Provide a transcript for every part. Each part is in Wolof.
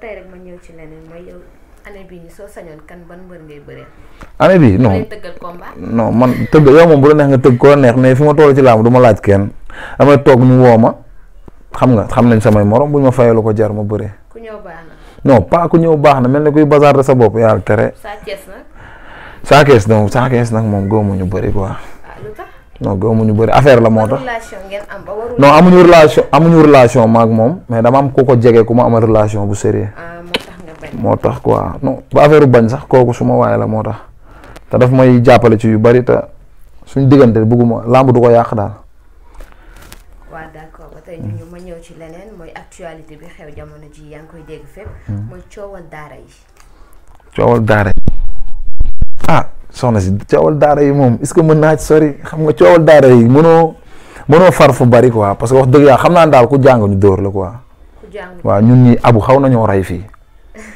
tey rek ma ñëw ci leneen mooy yow man tëgg yow moom bu la neex nga tëgg koo neex mais fi ma toll ci laa du ma laaj kenn damay toog ñu woo ma xam nga xam nañ samay morom buñ ma fayalu ko jar ma bëree. ku ñëw baax ku ñëw baax na mel ne kuy bazar de sa bopp yàlla tere. saa kees nag. saa nag moom góob ñu bëri quoi. non gëmu ñu bari affaire la moo tax non amuñu relation amuñu relation maak moom mais dama am ko ko jege ku ma amal relation bu sérieux ah, moo tax ko non ba affaire bañ sax kooku su ma waaye la moo tax te daf may jàppale ci yu bari te suñ diggante bëgguma làmb du ko yàq daal. waaw hmm. coowal daara yi. soxna si coowal daara yi moom est-ce que mën naa ci sori xam nga coowal daara yi mënoo mënoo far fu bari quoi parce que wax dëgg yàlla xam naa daal ku jàng ñu dóor la quoi. waaw ñun ñi abu xaw nañoo rey fii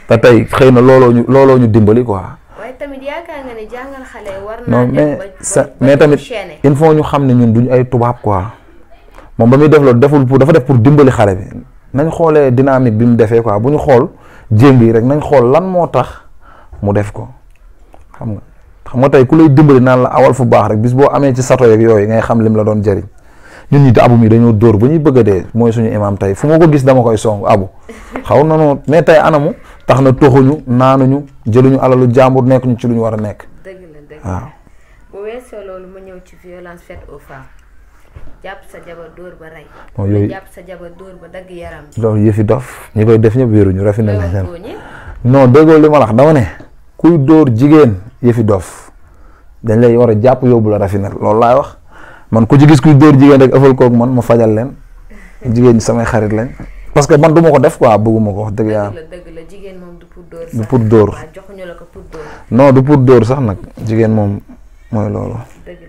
te tey xëy na looloo looloo ñu dimbali quoi. waaye mais sa mais tamit il faut ñu xam ne ñun duñu ay tubaab quoi moom ba muy def loolu deful pour dafa def pour dimbali xale bi nañ xoolee dynamique bi mu defee quoi bu ñu xool jéem bi rek nañ xool lan moo tax mu def ko xam nga. xam nga tey ku lay dimbali naan la awal fu baax rek bis boo amee ci sato yeeg yooyu ngay xam lim la doon jëriñ ñun ñi te abu dañoo dóor ba ñuy bëgg a dee mooy suñu imam tey fu ma ko gis dama koy song abu xaw na noonu mais tey anamu tax na toxuñu naanuñu jëluñu alalu jàmbur nekk ci lu war a nekk. dëgg la dëgg koy def ñëpp wéeruñu rafet nañ leen non déggoo li dama ne kuy dóor jigéen yëfi doof dañ lay war a jàpp yóbbu la rafinar loolu laay wax man ku ci gis kuy dóor jigéen rek ëffal koog man ma fajal leen jigéen ñi samay xarit lañ parce que man du ma ko def ko wax dëgg yàlla. dëgg la jigéen la ko pour dóor. non pour dóor sax nag jigéen moom mooy loolu. dëgg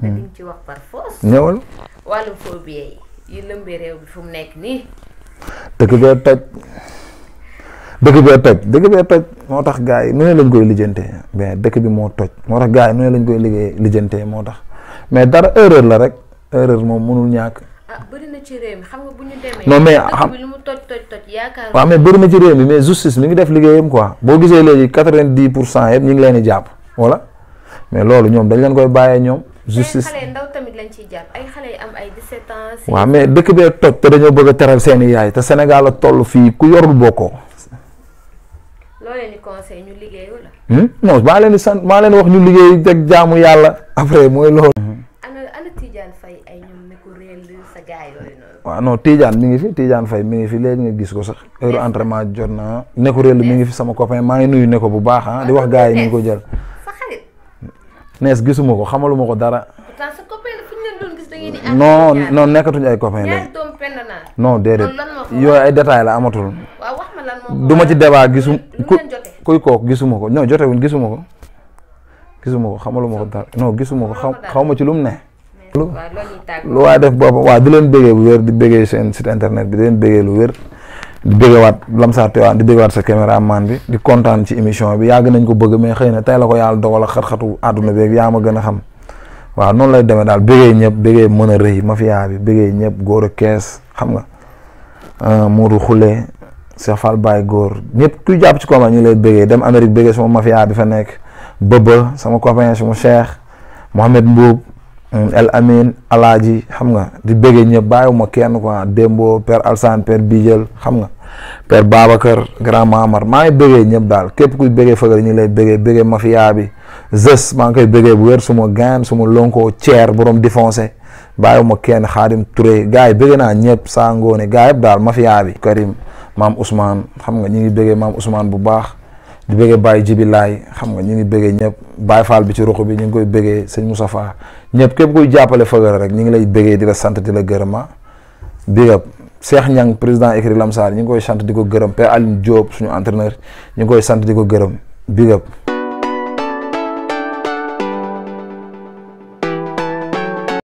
hmm. ci wax par force. ñëwal. wàllum phobie yi lëmbee réew bi fu mu nekk nii. dëgg la toj. dëkk bee toj dëkk bee toj moo tax gars yi nu ne lañ koy lijjante mais dëkk bi moo toj moo tax gaa yi nu ne lañ koy liggéey lijjantee moo tax mais dara erreur la rek erreur moom mënul ñàkk. ah na ci réew mi xam mais xam ci réew mi mais justice mi ngi def liggéeyam ko boo gisee léegi quatre-vingt-dix pour cent yëpp ñu ngi leen di jàpp voilà mais loolu ñoom dañ leen koy bàyyee ñoom. justice ay xale ndaw mais dëkk bee toj te dañoo bëgg a teral seen i yaay te Sénégal la toll fii ku yorul bokkoo loo leen di hmm? maa leen sant maa leen wax ñu liggéey teg jaamu yàlla après mooy loolu. Hmm. ana waaw non Tidiane mi ngi fi Tidiane fay mi ngi fi léegi nga gis ko sax heure entraînement jot na ne ko réel mi ngi fi sama copain maa ngi nuyu nekko bu baax ah di wax gars yi ñu ko jël. sa gisuma ko xamaluma ko dara. pourtant sa copain nekkatuñu ay copain la. ñaari déedéet yooyu ay détails la amatul. du ma ci débat gisu ku kuy kooku gisuma ko non jotewuñ gisuma ko gisuma ko ma ko dara non gisuma ko xaw xaw ma ci lu mu ne. lu waaye def boppam waaw di leen bëggee bu wér di bëggee seen site internet bi di leen béggee lu wér di bëggewaat Lamsar waa di bëggewaat sa caméraman bi di kontaan ci émission bi yàgg nañ ko bëgg mais xëy na tey la ko yàlla dogal xat-xatu àdduna beeg yaa ma gën a xam waaw noonu lay demee daal bëggee ñëpp bëggee mën a rëy mafia bi bëggee ñëpp góor a kees xam nga euh, Modou Cheikh Fall Baye Góor ñëpp kuy jàpp ci combat ñu lay bëggee dem Amérique bëggee sama mafia bi fa nekk bëbba sama copain mu cheikh Mohamed Mbuub mm, El Amin Alaaji xam nga di bëggee ñëpp ma kenn quoi démboo Père Alsane Père Bijel xam nga Père kër Grand Mamar maa ngi bëggee ñëpp daal képp kuy bëggee fëgal ñu lay bëggee bëggee mafia bi zës maa ngi koy bëggee bu wér suma gaan suma lonko ceer borom défoncé bàyyiwuma kenn Xaadim Touré gars yi bëggee naa ñëpp saa ngoone gars daal mafia bi Karim maam Ousmane xam nga ñu ngi bëggee maam Ousmane bu baax di bëggee bàyyi Jibi Laay xam nga ñu ngi bëggee ñëpp Baye Fall bi ci ruq bi ñu ngi koy bëggee sëñ Moustapha ñëpp képp kuy jàppale Feuguera rek ñu ngi lay bëggee di la sant di la gërëma ah. big up Cheikh Niang président écurie Lamsar ñu ngi koy sant di ko gërëm Père Aline Diop suñu entraîneur ñu ngi koy sant di ko gërëm big